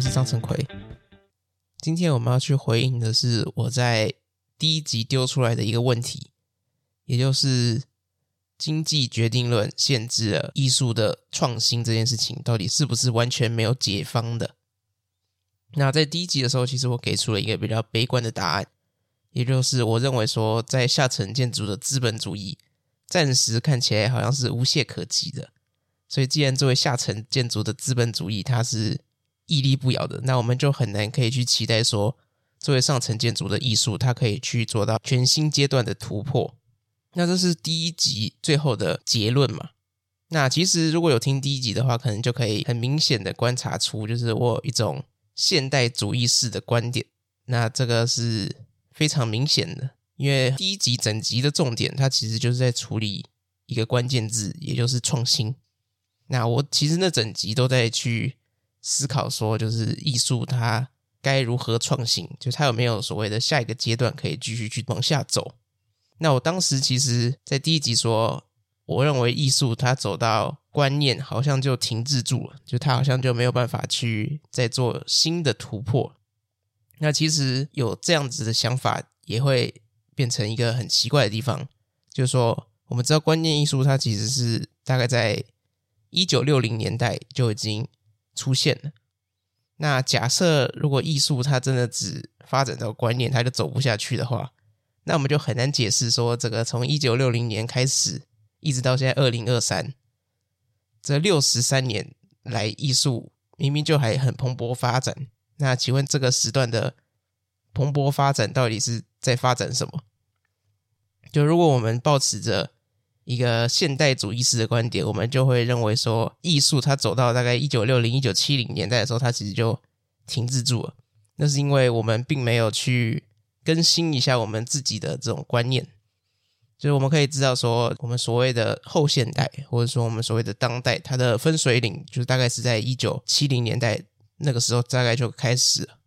我是張成奎。今天我們要去回應的是我在第一集丟出來的一個問題，也就是經濟決定論限制了藝術的創新這件事情，到底是不是完全沒有解方的？那在第一集的時候，其實我給出了一個比較悲觀的答案，也就是我認為說，在下層建築的資本主義暫時看起來好像是無懈可擊的。所以，既然作為下層建築的資本主義，它是屹立不搖的，那我們就很難可以去期待說，作為上層建築的藝術，它可以去做到全新階段的突破。那這是第一集最後的結論嘛？那其實如果有聽第一集的話，可能就可以很明顯的觀察出，就是我有一種現代主義式的觀點。那這個是非常明顯的，因為第一集整集的重點，它其實就是在處理一個關鍵字，也就是創新。那我其實那整集都在去。思考說，就是藝術它該如何創新？就它有沒有所謂的下一個階段可以繼續去往下走？那我當時其實在第一集說，我認為藝術它走到觀念好像就停滯住了，就它好像就沒有辦法去再做新的突破。那其實有這樣子的想法也會變成一個很奇怪的地方，就是說我們知道觀念藝術它其實是大概在一九六零年代就已經。出現了。那假設如果藝術它真的只發展到觀念，它就走不下去的話，那我們就很難解釋說，這個從一九六零年開始一直到現在二零二三這六十三年來，藝術明明就還很蓬勃發展。那請問這個時段的蓬勃發展到底是在發展什麼？就如果我們抱持著。一個現代主義式的觀點，我們就會認為說，藝術它走到大概一九六零一九七零年代的時候，它其實就停滯住了。那是因為我們並沒有去更新一下我們自己的這種觀念。就是我們可以知道說，我們所謂的後現代，或者說我們所謂的當代，它的分水嶺，就是大概是在一九七零年代那個時候，大概就開始了。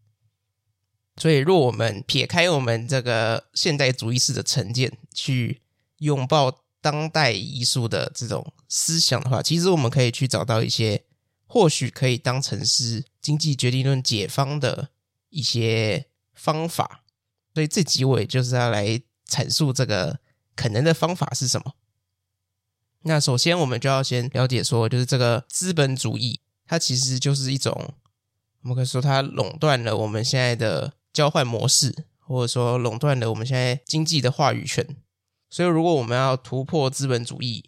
所以，若我們撇開我們這個現代主義式的成見，去擁抱。當代藝術的這種思想的話，其實我們可以去找到一些或許可以當成是經濟決定論解方的一些方法。所以這集就是要來闡述這個可能的方法是什麼。那首先我們就要先了解說，就是這個資本主義，它其實就是一種，我們可以說它壟斷了我們現在的交換模式，或者說壟斷了我們現在經濟的話語權。所以，如果我們要突破資本主義，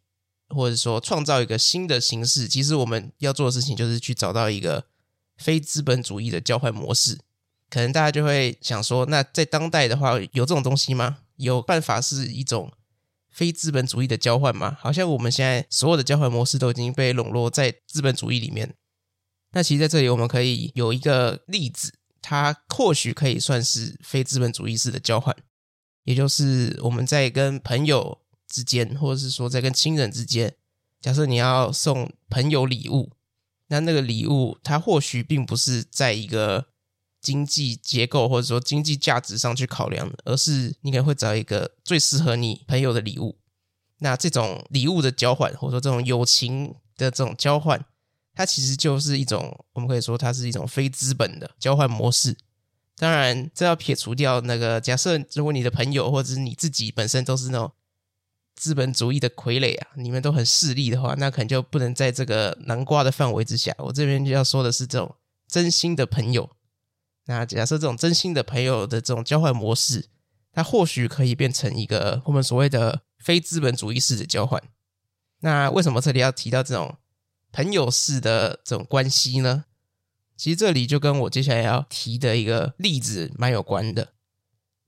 或者說創造一個新的形式，其實我們要做的事情就是去找到一個非資本主義的交換模式。可能大家就會想說，那在當代的話，有這種東西嗎？有辦法是一種非資本主義的交換嗎？好像我們現在所有的交換模式都已經被籠絡在資本主義裡面。那其實在這裡，我們可以有一個例子，它或許可以算是非資本主義式的交換。也就是我們在跟朋友之間，或者是說在跟親人之間，假設你要送朋友禮物，那那個禮物它或許並不是在一個經濟結構或者說經濟價值上去考量，而是你可能會找一個最適合你朋友的禮物。那這種禮物的交換，或者說這種友情的這種交換，它其實就是一種，我們可以說它是一種非資本的交換模式。當然，這要撇除掉那個假設，如果你的朋友或者是你自己本身都是那種資本主義的傀儡啊，你們都很勢利的話，那可能就不能在這個南瓜的範圍之下。我這邊就要說的是這種真心的朋友。那假設這種真心的朋友的這種交換模式，它或許可以變成一個我們所謂的非資本主義式的交換。那為什麼這裡要提到這種朋友式的這種關係呢？其實這裡就跟我接下來要提的一個例子蠻有關的，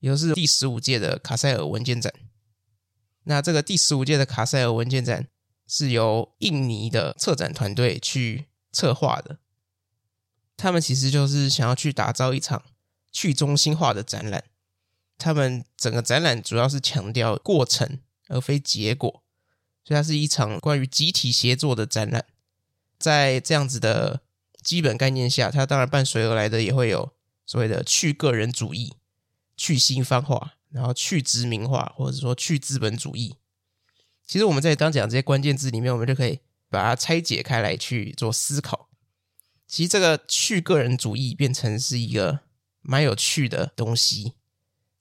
也就是第十五屆的卡塞爾文件展。那這個第十五屆的卡塞爾文件展是由印尼的策展團隊去策劃的，他們其實就是想要去打造一場去中心化的展覽。他們整個展覽主要是強調過程而非結果，所以它是一場關於集體協作的展覽。在這樣子的。基本概念下，它當然伴隨而來的也會有所謂的去個人主義、去西方化，然後去殖民化，或者說去資本主義。其實我們在剛講這些關鍵字裡面，我們就可以把它拆解開來去做思考。其實這個去個人主義變成是一個蠻有趣的東西。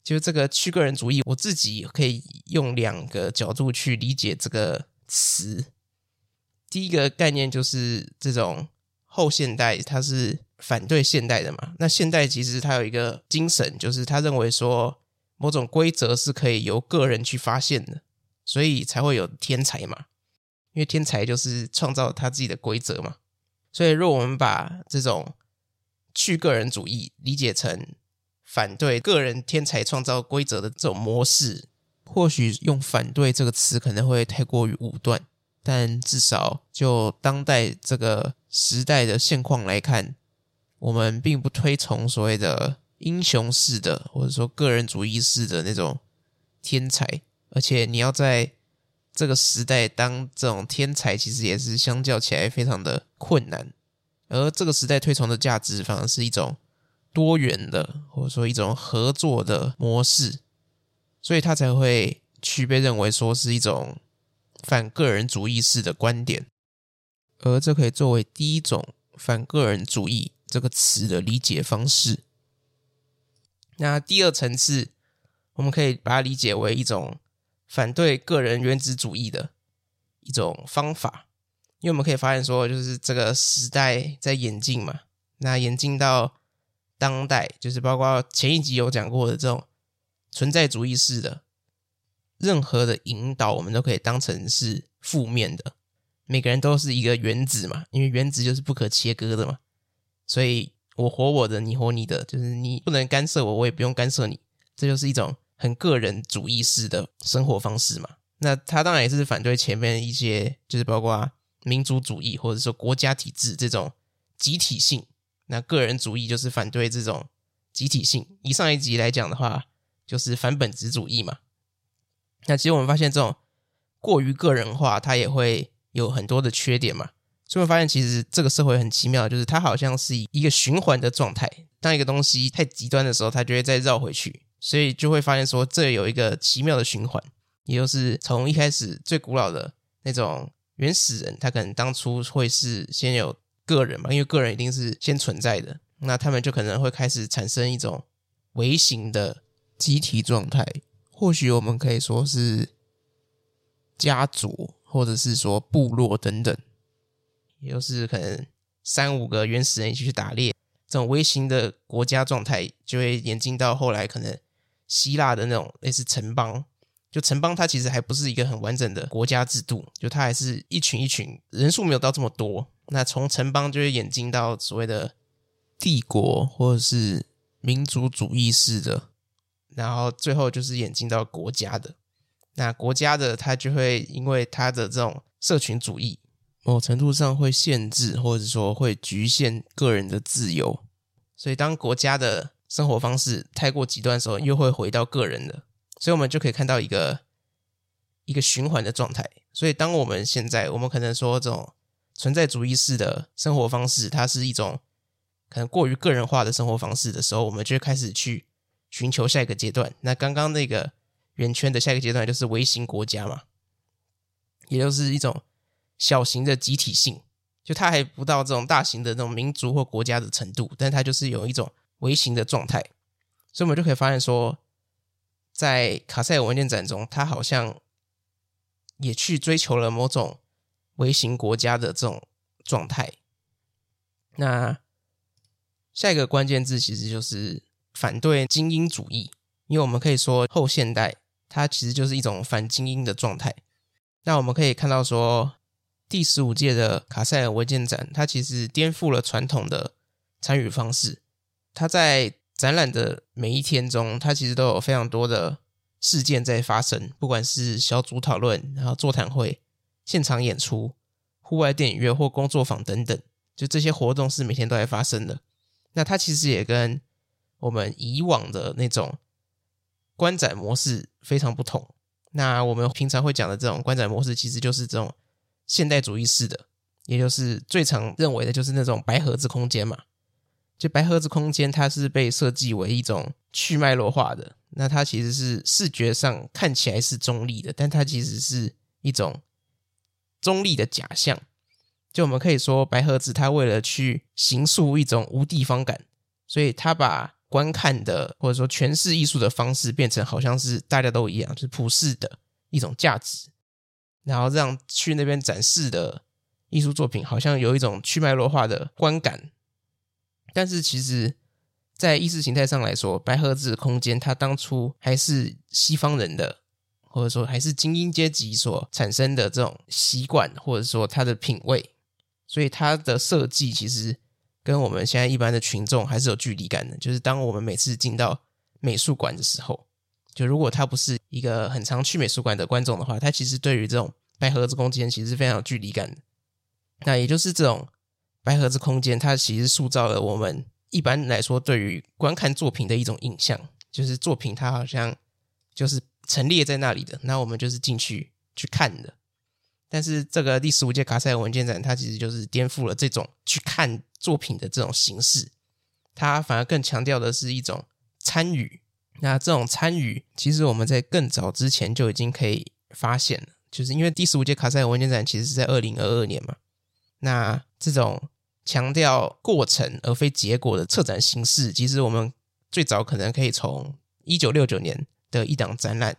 就這個去個人主義，我自己可以用兩個角度去理解這個詞。第一個概念就是這種。後現代，它是反對現代的嘛。那現代其實它有一個精神，就是他認為說某種規則是可以由個人去發現的，所以才會有天才嘛。因為天才就是創造他自己的規則嘛。所以，若我們把這種去個人主義理解成反對個人天才創造規則的這種模式，或許用“反對”這個詞可能會太過於武斷，但至少就當代這個。時代的現況來看，我們並不推崇所謂的英雄式的，或者說個人主義式的那種天才，而且你要在這個時代當這種天才，其實也是相較起來非常的困難。而這個時代推崇的價值，反而是一種多元的，或者說一種合作的模式，所以它才會去被認為說是一種反個人主義式的觀點。而這可以作為第一種反個人主義這個詞的理解方式。那第二層次，我們可以把它理解為一種反對個人原子主義的一種方法。因為我們可以發現說，就是這個時代在演進嘛，那演進到當代，就是包括前一集有講過的這種存在主義式的，任何的引導我們都可以當成是負面的。每個人都是一個原子嘛，因為原子就是不可切割的嘛，所以我活我的，你活你的，就是你不能干涉我，我也不用干涉你，這就是一種很個人主義式的生活方式嘛。那他當然也是反對前面一些，就是包括民族主義或者說國家體制這種集體性，那個人主義就是反對這種集體性。以上一集來講的話，就是反本質主義嘛。那其實我們發現，這種過於個人化，他也會有很多的缺點嘛，所以我發現其實這個社會很奇妙，就是它好像是一個循環的狀態。當一個東西太極端的時候，它就會再繞回去，所以就會發現說，這有一個奇妙的循環，也就是從一開始最古老的那種原始人，他可能當初會是先有個人嘛，因為個人一定是先存在的，那他們就可能會開始產生一種微型的集體狀態，或許我們可以說是家族。或者是說部落等等，也就是可能三五個原始人一起去打獵，這種微型的國家狀態就會演進到後來可能希臘的那種類似城邦。就城邦它其實還不是一個很完整的國家制度，就它還是一群一群，人數沒有到這麼多。那從城邦就會演進到所謂的帝國，或者是民族主義式的，然後最後就是演進到國家的。那國家的，他就會因為他的這種社群主義，某程度上會限制，或者說會局限個人的自由。所以，當國家的生活方式太過極端的時候，又會回到個人的。所以，我們就可以看到一個一個循環的狀態。所以，當我們現在我們可能說這種存在主義式的生活方式，它是一種可能過於個人化的生活方式的時候，我們就開始去尋求下一個階段。那剛剛那個。圓圈的下一個階段就是微型國家嘛，也就是一種小型的集體性，就它還不到這種大型的那種民族或國家的程度，但它就是有一種微型的狀態，所以我們就可以發現說，在卡塞爾文件展中，它好像也去追求了某種微型國家的這種狀態。那下一個關鍵字其實就是反對精英主義，因為我們可以說後現代。它其實就是一種反精英的狀態。那我們可以看到說，第十五屆的卡塞爾文件展，它其實顛覆了傳統的參與方式。它在展覽的每一天中，它其實都有非常多的事件在發生，不管是小組討論、然後座談會、現場演出、戶外電影院或工作坊等等，就這些活動是每天都在發生的。那它其實也跟我們以往的那種，觀展模式非常不同。那我們平常會講的這種觀展模式，其實就是這種現代主義式的，也就是最常認為的就是那種白盒子空間嘛。就白盒子空間，它是被設計為一種去脈絡化的，那它其實是視覺上看起來是中立的，但它其實是一種中立的假象。就我們可以說，白盒子它為了去形塑一種無地方感，所以它把觀看的或者說詮釋藝術的方式，變成好像是大家都一樣，就是普世的一種價值，然後讓去那邊展示的藝術作品，好像有一種去脈絡化的觀感。但是其實，在意識形態上來說，白盒子空間它當初還是西方人的，或者說還是精英階級所產生的這種習慣，或者說它的品味，所以它的設計其實。跟我們現在一般的群眾還是有距離感的，就是當我們每次進到美術館的時候，就如果他不是一個很常去美術館的觀眾的話，他其實對於這種白盒子空間其實是非常有距離感的。那也就是這種白盒子空間，它其實塑造了我們一般來說對於觀看作品的一種印象，就是作品它好像就是陳列在那裡的，那我們就是進去去看的。但是，這個第十五屆卡塞爾文件展，它其實就是顛覆了這種去看作品的這種形式，它反而更強調的是一種參與。那這種參與，其實我們在更早之前就已經可以發現了，就是因為第十五屆卡塞爾文件展其實是在二零二二年嘛。那這種強調過程而非結果的策展形式，其實我們最早可能可以從一九六九年的一檔展覽。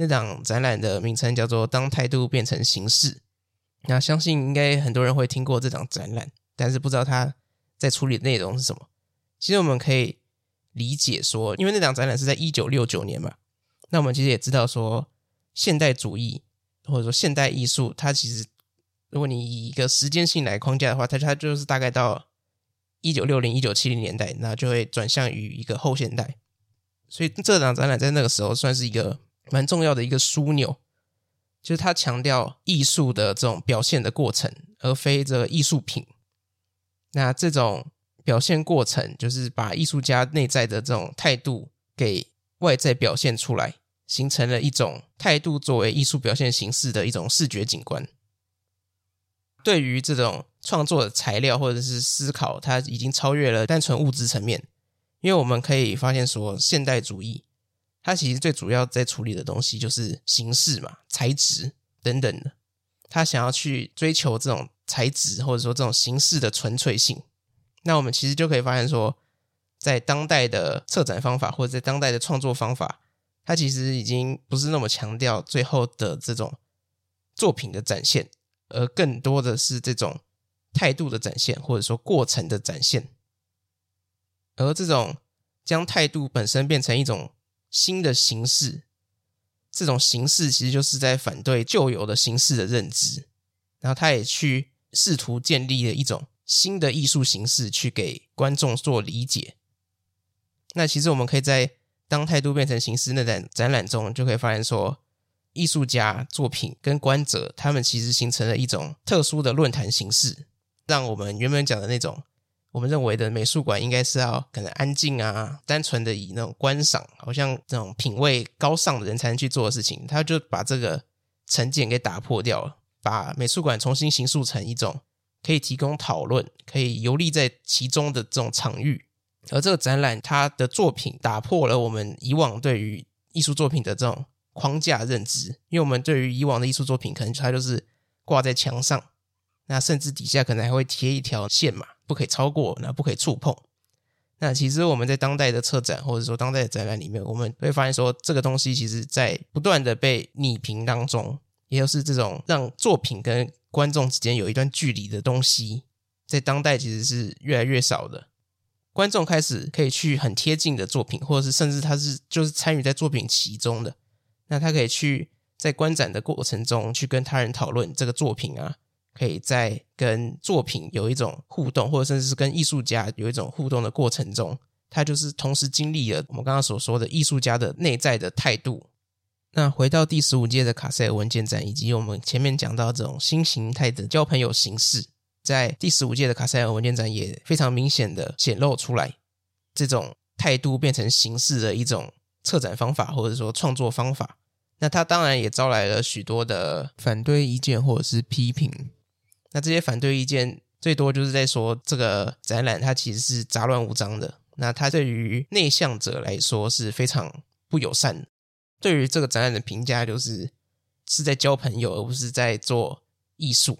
那檔展覽的名稱叫做“當態度變成形式”。那相信應該很多人會聽過這檔展覽，但是不知道它在處理的內容是什麼。其實我們可以理解說，因為那檔展覽是在一九六九年嘛，那我們其實也知道說，現代主義或者說現代藝術，它其實如果你以一個時間性來框架的話，它它就是大概到一九六零一九七零年代，那就會轉向於一個後現代。所以這檔展覽在那個時候算是一個。蠻重要的一個樞紐，就是他強調藝術的這種表現的過程，而非這個藝術品。那這種表現過程，就是把藝術家內在的這種態度給外在表現出來，形成了一種態度作為藝術表現形式的一種視覺景觀。對於這種創作的材料或者是思考，它已經超越了單純物質層面，因為我們可以發現說，現代主義，他其實最主要在處理的東西就是形式嘛、材質等等的。他想要去追求這種材質或者說這種形式的純粹性。那我們其實就可以發現說，在當代的策展方法或者在當代的創作方法，它其實已經不是那麼強調最後的這種作品的展現，而更多的是這種態度的展現，或者說過程的展現。而這種將態度本身變成一種新的形式，這種形式其實就是在反對舊有的形式的認知，然後他也去試圖建立了一種新的藝術形式去給觀眾做理解。那其實我們可以在《當態度變成形式》那展展覽中，就可以發現說，藝術家作品跟觀者他們其實形成了一種特殊的論壇形式，讓我們原本講的那種。我們認為的美術館應該是要可能安靜啊，單純的以那種觀賞，好像這種品味高尚的人才能去做的事情。他就把這個成見給打破掉了，把美術館重新形塑成一種可以提供討論、可以遊歷在其中的這種場域。而這個展覽，它的作品打破了我們以往對於藝術作品的這種框架認知，因為我們對於以往的藝術作品，可能它就是掛在牆上。那甚至底下可能還會貼一條線嘛，不可以超過，那不可以觸碰。那其實我們在當代的策展，或者說當代的展覽裡面，我們會發現說，這個東西其實在不斷的被弭平當中，也就是這種讓作品跟觀眾之間有一段距離的東西，在當代其實是越來越少的。觀眾開始可以去很貼近的作品，或者是甚至他是就是參與在作品其中的，那他可以去在觀展的過程中去跟他人討論這個作品啊。可以在跟作品有一種互動，或者甚至是跟藝術家有一種互動的過程中，他就是同時經歷了我們剛剛所說的藝術家的內在的態度。那回到第十五屆的卡塞爾文件展，以及我們前面講到這種新形態的交朋友形式，在第十五屆的卡塞爾文件展也非常明顯的顯露出來，這種態度變成形式的一種策展方法，或者說創作方法。那他當然也招來了許多的反對意見，或者是批評。那這些反對意見最多就是在說，這個展覽它其實是雜亂無章的。那它對於內向者來說是非常不友善的。對於這個展覽的評價就是是在交朋友，而不是在做藝術。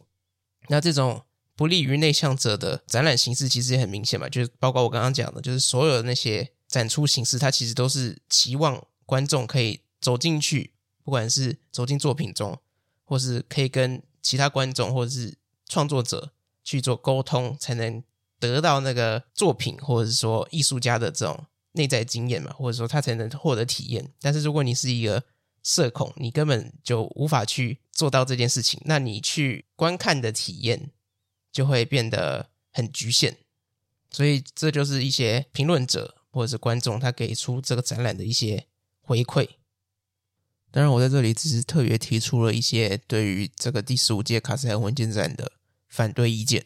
那這種不利於內向者的展覽形式其實也很明顯嘛，就是包括我剛剛講的，就是所有的那些展出形式，它其實都是期望觀眾可以走進去，不管是走進作品中，或是可以跟其他觀眾，或者是。創作者去做溝通，才能得到那個作品，或者是說藝術家的這種內在經驗嘛，或者說他才能獲得體驗。但是如果你是一個社恐，你根本就無法去做到這件事情，那你去觀看的體驗就會變得很局限。所以這就是一些評論者或者是觀眾他給出這個展覽的一些回饋。當然，我在這裡只是特別提出了一些對於這個第十五屆卡賽爾文件展的。反對意見，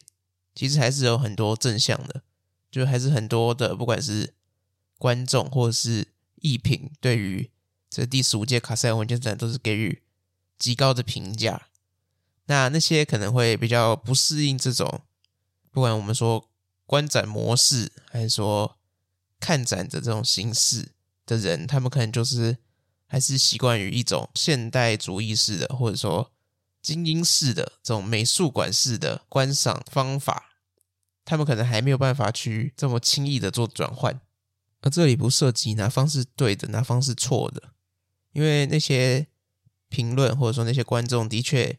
其實還是有很多正向的，就還是很多的，不管是觀眾或者是藝評，對於這第十五屆卡塞爾文件展都是給予極高的評價。那那些可能會比較不適應這種，不管我們說觀展模式還是說看展的這種形式的人，他們可能就是還是習慣於一種現代主義式的，或者說。精英式的這種美術館式的觀賞方法，他們可能還沒有辦法去這麼輕易的做轉換。而這裡不涉及哪方是對的，哪方是錯的，因為那些評論或者說那些觀眾的確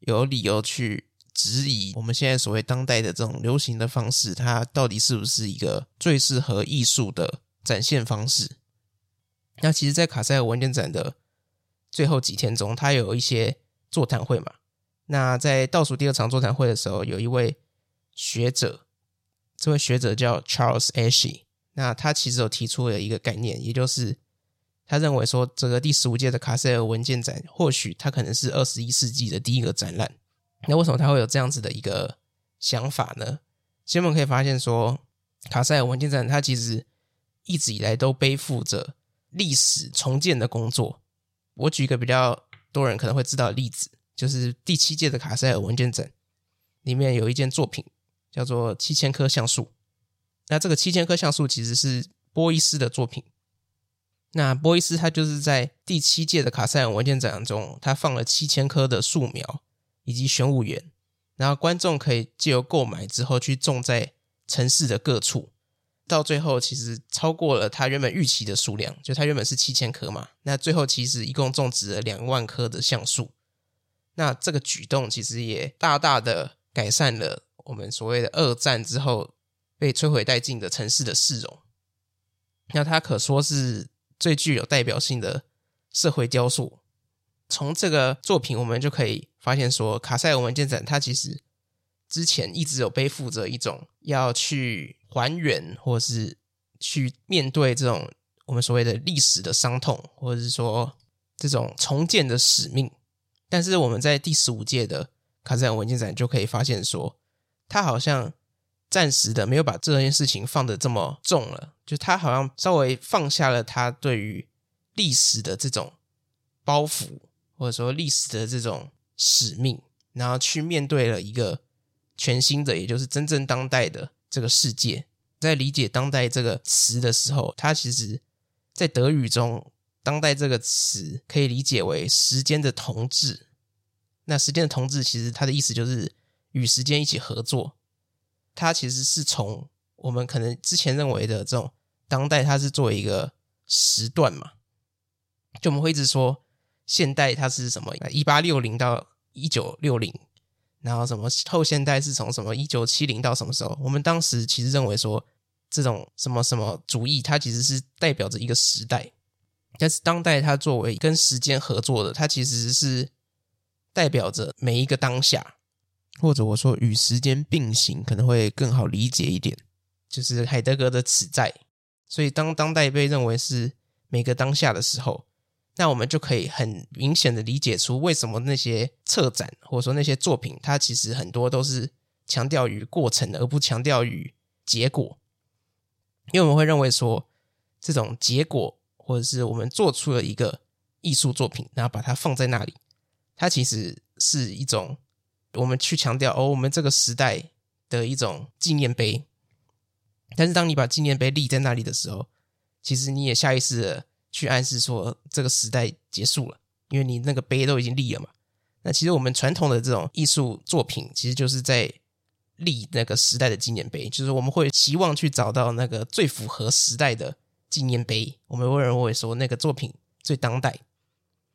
有理由去質疑我們現在所謂當代的這種流行的方式，它到底是不是一個最適合藝術的展現方式？那其實，在卡塞爾文件展的最後幾天中，它有一些。座談會嘛，那在倒數第二場座談會的時候，有一位學者，這位學者叫 Charles Esche，那他其實有提出了一個概念，也就是他認為說，這個第十五屆的卡塞爾文件展，或許它可能是二十一世紀的第一個展覽。那為什麼他會有這樣子的一個想法呢？其實我們可以發現說，卡塞爾文件展它其實一直以來都背負着歷史重建的工作。我舉一個比較。多人可能會知道的例子，就是第七屆的卡塞爾文件展裡面有一件作品叫做《七千棵橡樹》。那這個七千棵橡樹其實是波伊斯的作品。那波伊斯他就是在第七屆的卡塞爾文件展中，他放了七千棵的樹苗以及玄武岩，然後觀眾可以借由購買之後去種在城市的各處。到最後，其實超過了他原本預期的數量，就他原本是七千棵嘛，那最後其實一共種植了兩萬棵的橡樹。那這個舉動其實也大大的改善了我們所謂的二戰之後被摧毀殆盡的城市的市容。那他可說是最具有代表性的社會雕塑。從這個作品，我們就可以發現說，卡塞爾文件展它其實之前一直有背負着一種要去還原，或是去面對這種我們所謂的歷史的傷痛，或者是說這種重建的使命。但是我們在第十五屆的卡賽爾文件展就可以發現，說他好像暫時的沒有把這件事情放得這麼重了，就他好像稍微放下了他對於歷史的這種包袱，或者說歷史的這種使命，然後去面對了一個。全新的，也就是真正當代的這個世界。在理解“當代”這個詞的時候，它其實，在德語中，“當代”這個詞可以理解為“時間的同志”。那“時間的同志”其實它的意思就是與時間一起合作。它其實是從我們可能之前認為的這種當代，它是作為一個時段嘛，就我們會一直說現代它是什麼？一八六零到一九六零。然後什麼後現代是從什麼一九七零到什麼時候？我們當時其實認為說這種什麼什麼主義，它其實是代表着一個時代。但是當代它作為跟時間合作的，它其實是代表着每一個當下，或者我說與時間並行，可能會更好理解一點，就是海德格的此在。所以當當代被認為是每個當下的時候。那我們就可以很明顯的理解出，為什麼那些策展或者說那些作品，它其實很多都是強調於過程，而不強調於結果。因為我們會認為說，這種結果或者是我們做出了一個藝術作品，然後把它放在那裡，它其實是一種我們去強調哦，我們這個時代的一種紀念碑。但是當你把紀念碑立在那裡的時候，其實你也下意識的。去暗示說這個時代結束了，因為你那個碑都已經立了嘛。那其實我們傳統的這種藝術作品，其實就是在立那個時代的紀念碑，就是我們會期望去找到那個最符合時代的紀念碑。我們會認為說那個作品最當代，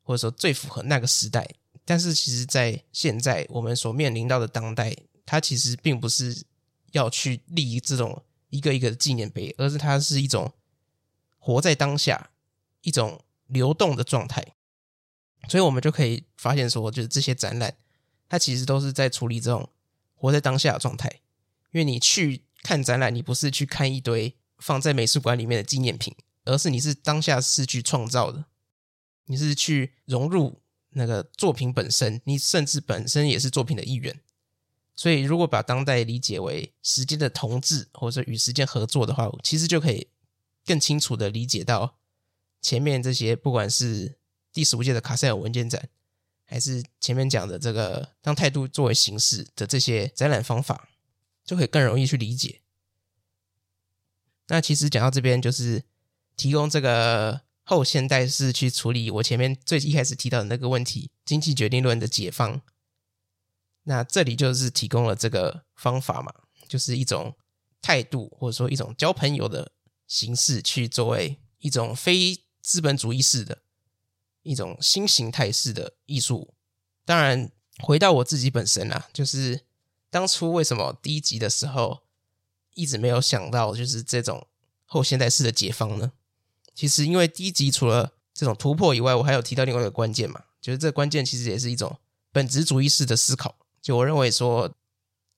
或者說最符合那個時代。但是其實在現在我們所面臨到的當代，它其實並不是要去立這種一個一個的紀念碑，而是它是一種活在當下。一種流動的狀態，所以我們就可以發現說，就是這些展覽，它其實都是在處理這種活在當下的狀態。因為你去看展覽，你不是去看一堆放在美術館裡面的紀念品，而是你是當下是去創造的，你是去融入那個作品本身，你甚至本身也是作品的一員。所以，如果把當代理解為時間的同志，或者說與時間合作的話，其實就可以更清楚地理解到。前面這些，不管是第十五屆的卡塞爾文件展，還是前面講的這個當態度作為形式的這些展覽方法，就可以更容易去理解。那其實講到這邊，就是提供這個後現代式去處理我前面最一開始提到的那個問題——經濟決定論的解方。那這裡就是提供了這個方法嘛，就是一種態度，或者說一種交朋友的形式，去作為一種非。資本主義式的一種新形態式的藝術，當然回到我自己本身啦、啊，就是當初為什麼第一集的時候一直沒有想到，就是這種後現代式的解方呢？其實因為第一集除了這種突破以外，我還有提到另外一個關鍵嘛，就是這關鍵其實也是一種本質主義式的思考。就我認為說，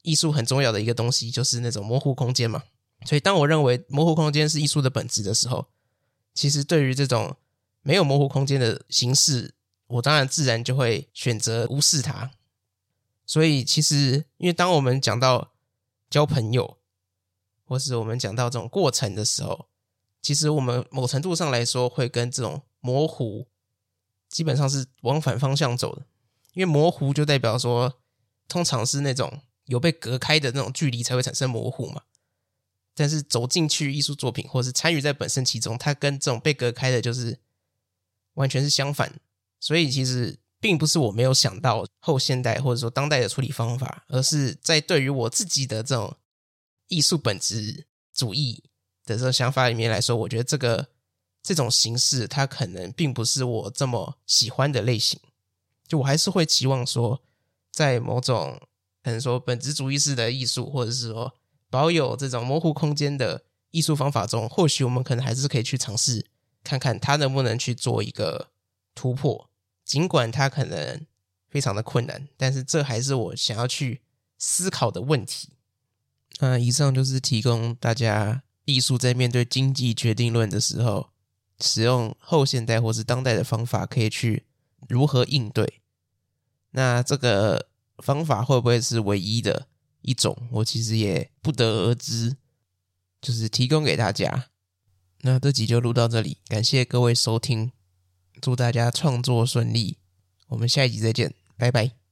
藝術很重要的一個東西就是那種模糊空間嘛，所以當我認為模糊空間是藝術的本質的時候。其實對於這種沒有模糊空間的形式，我當然自然就會選擇無視它。所以其實，因為當我們講到交朋友，或是我們講到這種過程的時候，其實我們某程度上來說會跟這種模糊，基本上是往反方向走的。因為模糊就代表說，通常是那種有被隔開的那種距離才會產生模糊嘛。但是走進去藝術作品，或是參與在本身其中，它跟這種被隔開的，就是完全是相反。所以其實並不是我沒有想到後現代或者說當代的處理方法，而是在對於我自己的這種藝術本質主義的這種想法裡面來說，我覺得這個這種形式，它可能並不是我這麼喜歡的類型。就我還是會期望說，在某種可能說本質主義式的藝術，或者是說。保有這種模糊空間的藝術方法中，或許我們可能還是可以去嘗試看看它能不能去做一個突破，儘管它可能非常的困難，但是這還是我想要去思考的問題。嗯，那以上就是提供大家藝術在面對經濟決定論的時候，使用後現代或是當代的方法可以去如何應對。那這個方法會不會是唯一的？一種，我其實也不得而知，就是提供給大家。那這集就錄到這裡，感謝各位收聽，祝大家創作順利，我們下一集再見，拜拜。